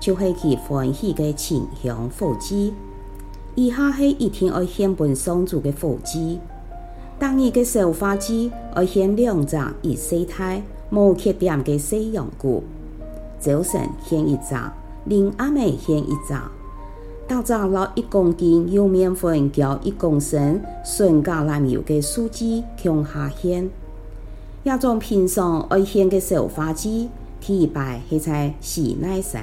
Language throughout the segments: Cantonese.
就係佢歡喜嘅清香火枝，以下係一天愛獻本送柱嘅火枝，當係嘅繡花枝愛獻兩紮葉細太冇缺點嘅西洋過，早晨獻一紮，臨暗獻一紮，到站落一公斤幼麵粉，攪一公升純橄欖油嘅素汁向下獻，一種平常愛獻嘅繡花枝，天白係在喜奶山。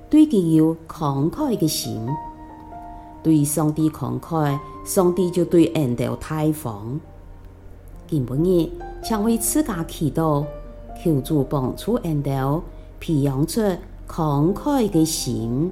對己有慷慨的心，對上帝慷慨，慨，上帝就對恩道開放。根本日想為自家祈禱，求主幫助恩道，培養出慷慨，慨的心。